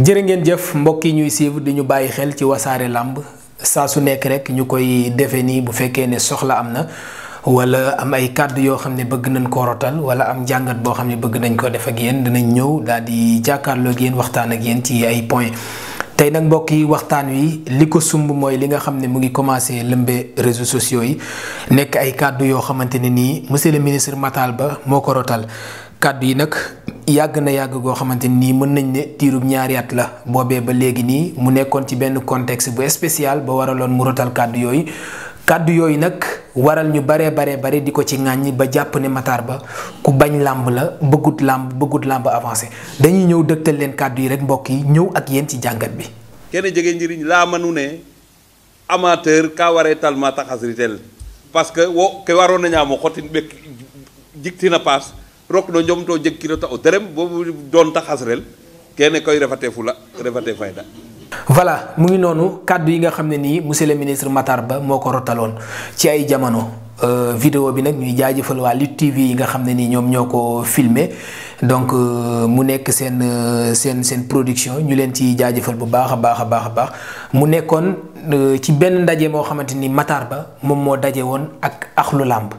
jërë ngeen jëf mbokk yi ñuy suivre di ñu bàyyi xel ci wasaare làmb saa su nekk rek ñu koy defee nii bu fekkee ne soxla am na wala am ay kàddu yoo xam ne bëgg nañ ko rotal wala am jàngat boo xam ne bëgg nañ ko def ak yéen dinañ ñëw daal di jàkkaarloo ak yéen waxtaan ak yéen ci ay point tey nag mbokk yi waxtaan wi li ko sumb mooy li nga xam ne mu ngi commencé lëmbee réseaux sociaux yi nekk ay kàddu yoo xamante ni nii monsieur le ministre matal Ba moo ko rotal kàddu yi nag. yàgg na yàgg goo xamante nii mën nañ ne tiirub ñaari at la boobee ba léegi nii mu nekkoon ci benn contexte bu spécial ba waraloon mu kàddu yooyu kàddu yooyu nag waral ñu baree baree bare di ko ci ŋàññi ba jàpp ne Matar Ba ku bañ làmb la bëggut làmb bëggut làmb avancé dañuy ñëw dëgtal leen kàddu yi rek mbokk yi ñëw ak yéen ci jàngat bi. kenn jege njëriñ laa mënu ne amateur kaa waree tal taxas ritel parce que wo ke waroon nañaa moo xotti bekk jikti rokno jomto jegkirota o boobu doon doonta xasrel kene koy refate fula refate fayda voilà mu ngi noonu kàddu yi nga xam ne nii monsieur le ministre Matar Ba moo ko rotaloon ci ay jamono Euh, vidéo bi nag ñuy jaajëfal waa Lutte TV yi nga xam ne ni ñoom ñoo ko filmé donc euh, mu nekk seen euh, seen seen production ñu leen ci jaajëfal bu baax a baax a baax a baax mu nekkoon ci benn ndaje moo xamante ni Matar Ba moom moo daje woon ak axlu làmb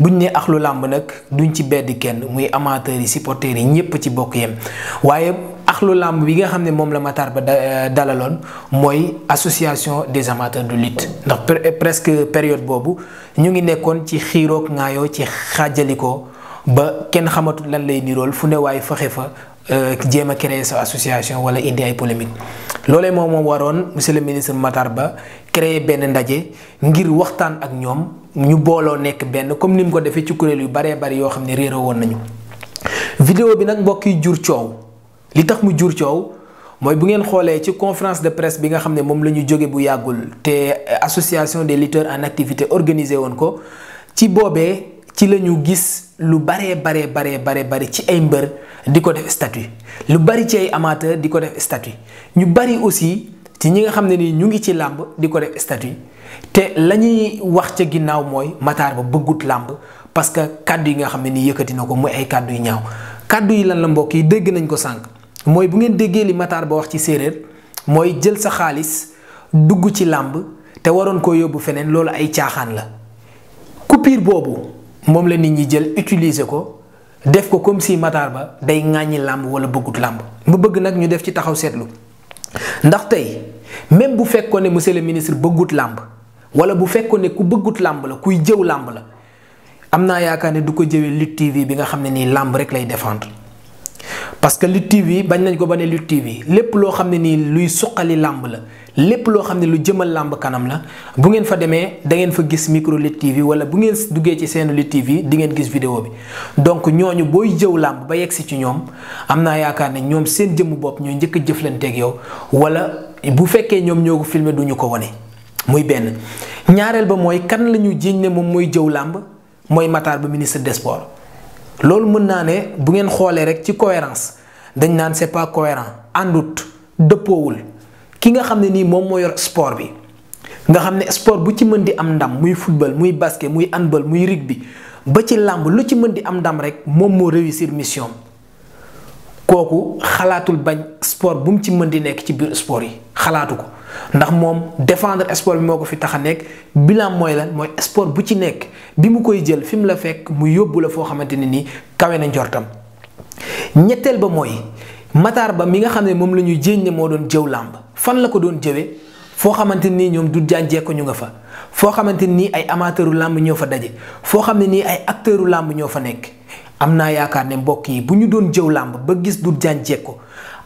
buñ ne axlu làmb nag duñ ci bedd kenn muy amateurs yi supporters yi ñépp ci bokk yem waaye axlu làmb bi nga xam ne moom la Matar Ba euh, dalaloon mooy association des amateurs de lutte ndax euh, presque période boobu ñu ngi nekkoon ci xiiroog ngaayoo ci xaajalikoo ba kenn xamatul lan lay nirool fu ne waaye fexe fa euh, jéem a créer sa association wala indi ay polémique loolee moom moo waroon monsieur le ministre Matar Ba créer benn ndaje ngir waxtaan ak ñoom ñu booloo nekk benn comme ni mu ko defee ci kuréel yu baree bari yoo xam ne réeroo woon nañu vidéo bi nag mbokk yi jur coow. li tax mu jur coow mooy bu ngeen xoolee ci confrance de presse bi nga xam ne moom la ñu jóge bu yàggul te euh, association des lutteurs en activité organisé woon ko ci boobee ci la ñu gis lu baree baree baree baree bari ci ay mbër di ko def statut lu bari ci ay amateur di ko def statut ñu bari aussi ci ñi nga xam ne ni ñu ngi ci làmb di ko def statut te la ñuy wax ca ginnaaw mooy Matar Ba bëggut làmb parce que kàddu yi nga xam ne ni yëkkati na ko muy ay kàddu yu ñaaw kàddu yi lan la mbokk yi dégg nañ ko sànq. mooy bu ngeen déggee li Matar Ba wax ci séeréer mooy jël sa xaalis dugg ci làmb te waroon koo yóbbu feneen loolu ay caaxaan la coupure boobu moom la nit ñi jël utiliser ko def ko comme si Matar Ba day ŋàññi làmb wala bëggut làmb mu bëgg nag ñu def ci taxaw seetlu ndax tey même bu fekkoon ne monsieur le ministre bëggut làmb wala bu fekkoon ne ku bëggut làmb la kuy jëw làmb la am naa yaakaar ne du ko jëwee Lutte TV bi nga xam ne nii làmb rek lay défendre parce que Lutte TV bañ nañ ko ba ne Lutte TV lépp loo xam ne nii luy suqali làmb la lépp loo xam ne lu jëmal làmb kanam la bu ngeen fa demee da ngeen fa gis micro Lutte TV wala bu ngeen duggee ci seen Lutte TV dingeen gis vidéo bi donc ñooñu booy jëw làmb ba yegsi ci ñoom am naa yaakaar ne ñoom seen jëmm bopp ñooy njëkk a jëflanteeg yow wala bu fekkee ñoom ñoo ko filmé duñu ko wane muy benn ñaareel ba mooy kan la ñu jiiñ ne moom mooy jëw làmb mooy Matar bu ministre des sports loolu mën naa ne bu ngeen xoolee rek ci cohérence dañ naan c'est pas cohérent àndut dëppoowul ki nga xam ne nii moom moo yor sport bi nga xam ne sport bu ci mën di am ndam muy football muy baske muy handball muy rugby ba ci làmb lu ci mën di am ndam rek moom moo réussir mission kooku xalaatul bañ sport bu mu ci mën di nekk ci biir sport yi xalaatu ko ndax moom défendre sport bi moo ko fi tax a nekk bilan mooy lan mooy sport bu ci nekk bi mu koy jël fi mu la fekk mu yóbbu la foo xamante ne nii kawe na njortam ñetteel ba mooy Matar Ba mi nga xam ne moom la ñu jéñ ne moo doon jëw làmb fan la ko doon jëwee foo xamante nii ñoom du jànjee ko ñu nga fa foo xamante nii ay amateuru làmb ñoo fa daje foo xam ne nii ay acteuru làmb ñoo fa nekk am naa yaakaar ne mbokk yi bu ñu doon jëw làmb ba gis du Diagne Diecko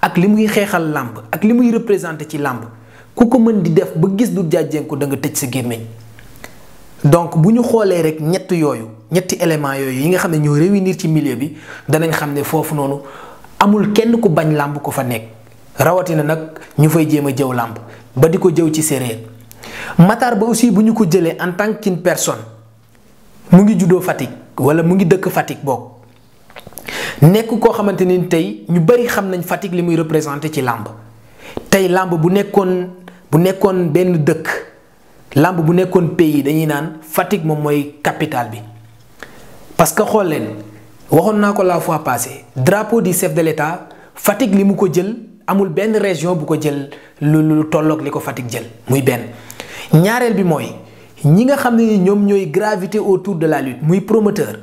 ak li muy xeexal làmb ak li muy représenté ci làmb ku ko mën di def ba gis Doudou Diagne Diecko da nga tëj sa gémmiñ donc bu ñu xoolee rek ñett yooyu ñetti éléments yooyu yi nga xam ne ñoo réew yi réunir ci milieu bi danañ xam ne foofu noonu amul kenn ku bañ làmb ko fa nekk rawatina nag ñu fay jéem a jëw làmb ba di ko jëw ci séeréer Matar Ba aussi bu ñu ko jëlee en tant qu'une personne mu ngi juddoo Fatick wala mu ngi dëkk Fatick bokk nekk koo xamante ni tey ñu bëri xam nañ Fatick li muy représenté ci làmb tey làmb bu nekkoon bu nekkoon benn dëkk làmb bu nekkoon pays dañuy naan Fatick moom mooy capitale bi parce que xool leen waxoon naa ko la fois passée drapeau du chef de l'État Fatick li mu ko jël amul benn région bu ko jël lu lu tolloog li ko Fatick jël muy benn ñaareel bi mooy ñi nga xam ne ñoom ñooy gravité autour de la lutte muy promoteur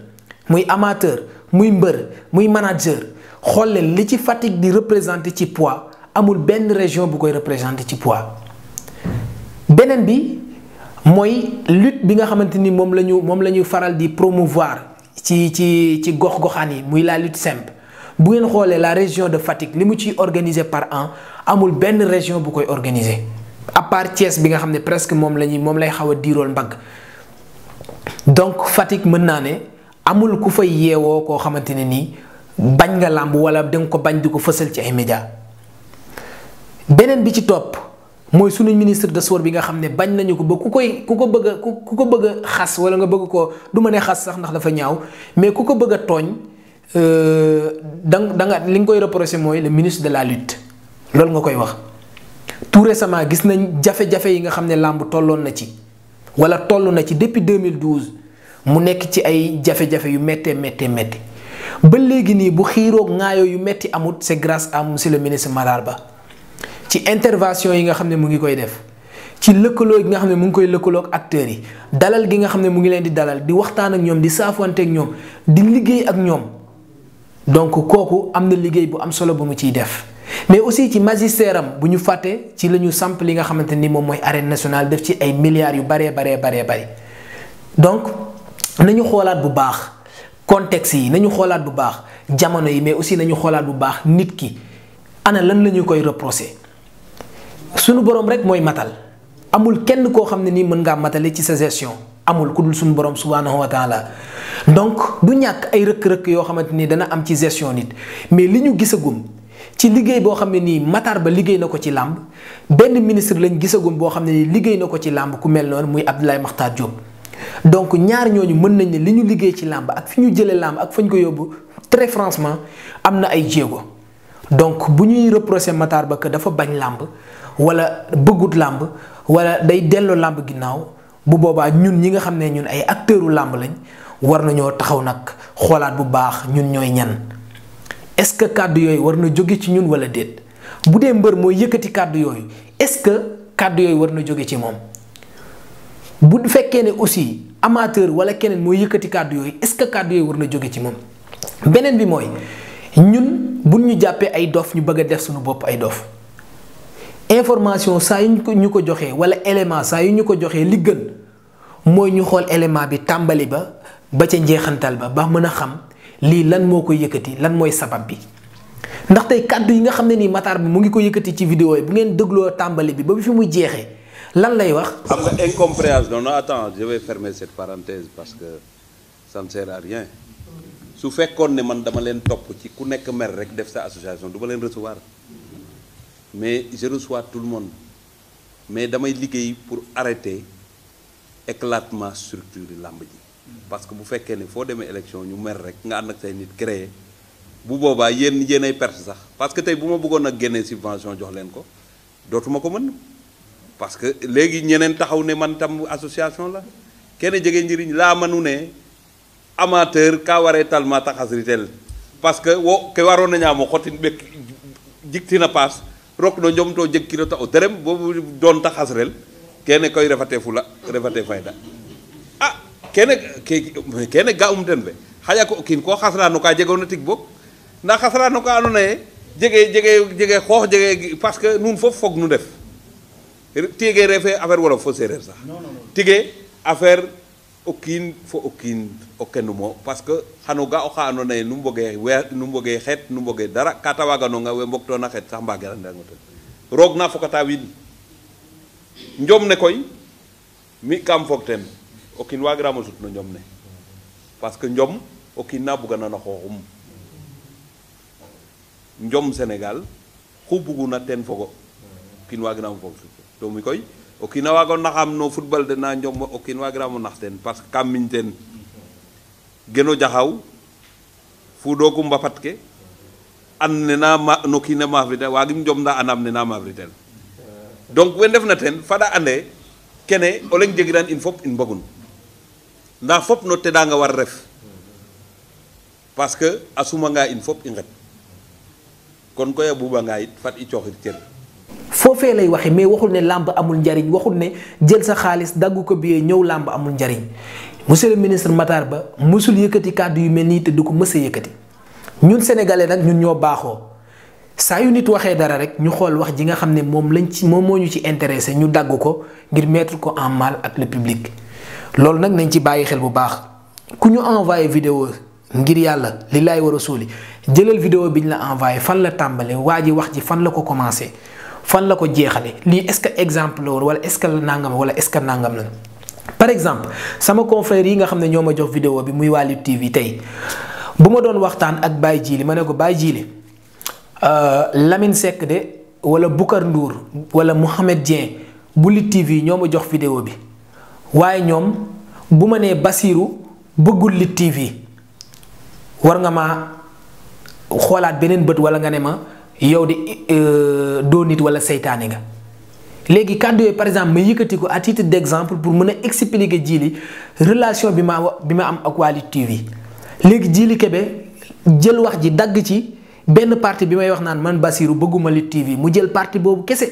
muy amateur muy mbër muy manager xool leen li ci Fatick di représenté ci poids amul benn région bu koy représenté ci poids beneen bi mooy lutte bi nga xamante ni moom la ñu moom la ñu faral di promouvoir ci ci ci gox-goxaan yi muy la lutte simple bu ngeen xoolee la région de Fatick li mu ciy organisé par an amul benn région bu koy organisé à part bi nga xam ne presque moom la ñuy moom lay xaw a diirool mbagg donc Fatick mën naa ne. amul ku fay yeewoo koo xamante ne nii bañ nga làmb wala da ko bañ di ko fësal ci ay média beneen bi ci topp mooy sunu ministre de sport bi nga xam ne bañ nañu ko ba ku koy ku ko bëgg a ku ko bëgg xas wala nga bëgg ko du ma ne xas sax ndax dafa ñaaw mais ku ko bëgg a tooñ da euh, da nga li nga koy reproché mooy le ministre de la lutte loolu nga koy wax. tout récemment gis nañ jafe-jafe yi nga xam ne làmb tolloon na ci wala toll na ci depuis 2012. mu nekk ci ay jafe-jafe yu méttee méttee métti ba léegi nii bu xiiroog ŋaayoo yu métti amut c'est grâce à le ministre Matar Ba ci intervention yi nga xam ne mu ngi koy def ci lëkkaloo gi nga xam ne mu ngi koy lëkkaloog acteur yi dalal gi nga xam ne mu ngi leen di dalal di waxtaan ak ñoom di saafante ñoom di liggéey ak ñoom donc kooku am na liggéey bu am solo bu mu ciy def mais aussi ci magistère am bu ñu fàtte ci la ñu samp li nga xamante ni moom mooy arène nationale def ci ay milliards yu baree baree baree bare nañu xoolaat bu baax contexte yi nañu xoolaat bu baax jamono yi mais aussi nañu xoolaat bu baax nit ki ana lan la koy reprocher sunu borom rek mooy matal amul kenn koo xam ne nii mën ngaa matale ci sa gestion amul ku dul suñu borom subhaanahu wa taala donc du ñàkk ay rëkk-rëkk yoo xamante ni dana am ci gestion nit mais li ñu gisagum ci liggéey boo xam ne nii Matar Ba liggéey na ko ci làmb benn ministre lañ gisagum boo xam ne nii liggéey na ko ci làmb ku mel noonu muy Abdoulaye Makhtar Diop. donc ñaar ñooñu mën nañ ne li ñu liggéey ci làmb ak fi ñu jëlee làmb ak fa ko yóbbu très franchement am na ay jéego donc bu ñuy reprocher Matar Ba que dafa bañ làmb wala bëggut làmb wala day dellu làmb ginnaaw bu boobaa ñun ñi nga xam ne ñun ay acteuru làmb lañ war nañoo taxaw nag xoolaat bu baax ñun ñooy ñan est-ce que kàddu yooyu war na jóge ci ñun wala déet bu dee mbër mooy yëkkati kàddu yooyu est-ce que kàddu yooyu war na jóge ci moom. bu fekkee ne aussi amateur wala keneen mooy yëkkati kàddu yooyu est-ce que kàddu yooyu war na jóge ci moom beneen bi mooy ñun bu ñu jàppee ay dof ñu bëgg a def suñu bopp ay dof information saa yu ñu ko ñu ko joxee wala élément saa yu ñu ko joxee li gën mooy ñu xool élément bi tàmbali ba ba ca njeexantal ba ba mën a xam lii lan moo ko yëkkati lan mooy sabab bi ndaxte tey kàddu yi nga xam ne nii Matar bi mu ngi ko yëkkati ci vidéo yi bu ngeen dégloo tàmbali bi ba fi muy jeexee. lan lay wax. xam nga incompréhension non attends je ferme fermer cette parenthèse parce que sa ne sert à rien su fekkoon ne man dama leen topp ci ku nekk mer rek def sa association du ma leen recevoir mais je reçois tout le monde mais damay liggéey pour arrêter éclatement structure yi làmb ji. parce que bu fekkee ne foo demee élection ñu mer rek nga ànd ak say nit créer bu boobaa yéen yéenay perte sax parce que tey bu ma bëggoon a génnee subvention jox leen ko dootuma ko mën. parce que léegi ñeneen taxaw ne man tam association la kenn jege njëriñ laa manu ne amateur ka waree tal ma taxasri parce que wo ke waroon nañaamo xotin ɓek jiktina paas rok no njom jeg kilo ta o derem boobu doon taxasrel kene koy refate fula refate fayda ah kene kene ga um den fe xaƴa ko kiin ko xasra no ka jegoona tig boog nda xasra no ka andoona yee jege jege jege xoox jege parce que nun foofu foog nu ndef Tiggé refee affaire wolof foo séeréer sax Tiggé affaire o kiin fo o kiin o kendumo parce que xano ga oxa andoona yee nu mbogee xeet nu mbogee dara ka ta waaganonga mbogtoona xeet sax mbaagirandirango ten roog na fokata wiin njom ne koy mi kam foog teen o kiin waagiraam o sut no njom ne parce que njom o kiin na buganan xooxum njom Sénégal xu buguna teen fogo kiin waagiraam o foog sut ɗomi koy o a waago naxaam no football den na njom o kiin waagiraamo nax teen parce que kam miñ teen geno jaxaw fuɗooku mbapat ke an ne na no kiina maafritel waagim njom nda anaam na maafritel donc we ande kene o leŋ jegiran in fop in mbogun nda fop no tedanga war ref parce que a sumanga in fop i nget kon koy a buɓanga yit fat i cooxir cer foofee lay waxee mais waxul ne làmb amul njariñ waxul ne jël sa xaalis dagg ko biyee ñëw làmb amul njariñ monsieur ministre Matar Ba mësul yëkkati kàddu yu mel nii te du ko mës a yëkkati ñun sénégalais nag ñun ñoo baaxoo saa yu nit waxee dara rek ñu xool wax ji nga xam ne moom lañ ci moom moo ñu ci intéressé ñu dagg ko ngir mettre ko en mal ak le public loolu nag nañ ci bàyyi xel bu baax ku ñu envoyé vidéo ngir yàlla li laay war a suuli jëlal vidéo bi la envoyé fan la tàmbale waa ji wax ji fan la ko commencé fan la ko jeexale lii est-ce que exemple la woon wala est-ce que nangam wala est-ce la par exemple sama confrère yi nga xam ne ñoo ma jox vidéo bi muy waa Lutte TV tey bu ma doon waxtaan ak Baye Jili ma ne ko Baye jiile euh, Lamine Seck de wala Boucar Ndour wala Mouhamed Dieng bu Lutte TV ñoo ma jox vidéo bi waaye ñoom bu ma nee Basiru bëggul Lutte TV war nga ma xoolaat beneen bët wala nga ne ma. yow de euh, doo nit wala seytaane nga léegi kàddu yooyu par exemple ma yëkkati ko à titre d' exemple pour mën a expliquer Djily relation bi ma bi ma am ak Waly TV léegi jiili kebe jël wax ji dagg ci benn parti bi may wax naan man Basirou bëgguma Lutte TV mu jël parti boobu kese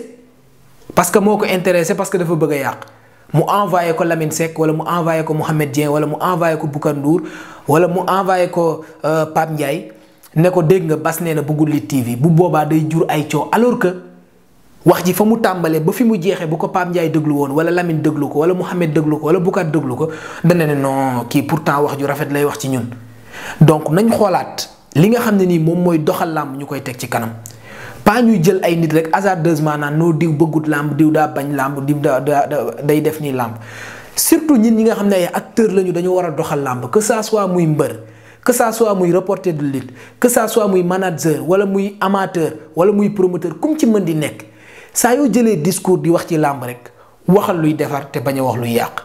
parce que moo ko intéressé parce que dafa bëgg yàq mu envoyé ko Lamine Seck wala mu envoyé ko Mouhamed Dieng wala mu envoyé ko Boucar Ndour wala mu envoyé ko euh, Pape Ndiaye ne ko dégg nga bas nee na bëggul Lutte TV bu boobaa day jur ay coow alors que wax ji fa mu tàmbalee ba fi mu jeexee bu ko Pape Ndiaye déglu woon wala Lamine déglu ko wala Mouhamed déglu ko wala Boucar déglu ko dana ne non kii pour pourtant wax ju rafet lay wax ci ñun donc nañ xoolaat li nga xam ne nii moom mooy doxal làmb ñu koy teg ci kanam pas ñuy jël ay nit rek hasardeusement naan noo diw bëggut làmb diw daa bañ làmb diw daa day def nii làmb surtout ñin ñi nga xam ne ay acteurs lañu dañu war a doxal làmb que ça soit muy mbër. que ça muy reporter de lutte que ça soit muy manager wala muy amateur wala muy promoteur comme ci mën di nekk saa yoo jëlee discours di wax ci làmb rek waxal luy defar te bañ wax luy yàq.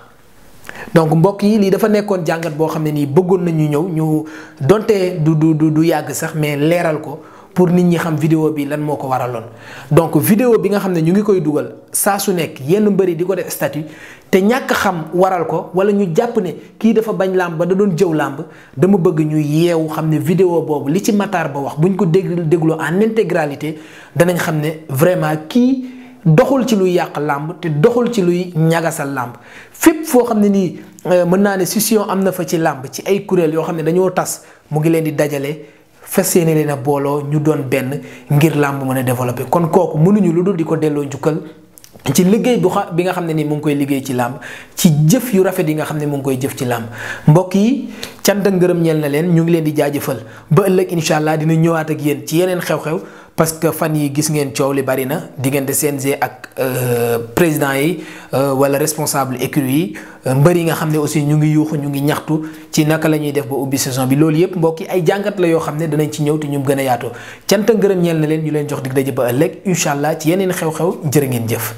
donc mbokk yi lii dafa nekkoon jàngat boo xam ne nii bëggoon nañu ñëw ñu donte du du du yàgg sax mais leeral ko pour nit ñi xam vidéo bi lan moo ko waraloon donc video bi nga xam ne ñu ngi koy dugal saa su nekk yenn mbëri di ko def statut te ñàkk xam waral ko wala ñu jàpp ne kii dafa bañ làmb ba da doon jëw làmb dama bëgg ñu yeewu xam ne video boobu li ci mataar Ba wax buñ ko déglu dégloo en intégralité danañ xam ne vraiment kii doxul ci luy yàq làmb te doxul ci luy ñagasal làmb fépp foo xam ne nii euh, mën naa ne scission am na fa ci làmb ci ay kuréel yoo xam ne dañoo tas mu ngi leen di dajale. fas yéene leen a booloo ñu doon benn ngir làmb mën a développé kon kooku mënuñu lu dul di ko delloo njukkal ci liggéey bu xa bi nga xam ne nii mu ngi koy liggéey ci làmb ci jëf yu rafet yi nga xam ne mu ngi koy jëf ci làmb mbokk yi cant ak ngërëm ñeel na leen ñu ngi leen di jaajëfal ba ëllëg incha allah dina ñëwaat ak yéen ci yeneen xew-xew parce que fan yi gis ngeen coow li bari na diggante CNG ak euh, président yi euh, wala responsable écurie yi euh, mbër yi nga xam ne aussi ñu ngi yuuxu ñu ngi ñaxtu ci naka la ñuy def ba ubbi saison bi loolu yëpp mbokk yi ay jàngat la yoo xam ne danañ ci ñëw te ñu gën a yaatoo cant ngërëm ñeel na leen ñu leen jox dig daje ba ëllëg incha allah ci yeneen xew-xew jërë ngeen jëf.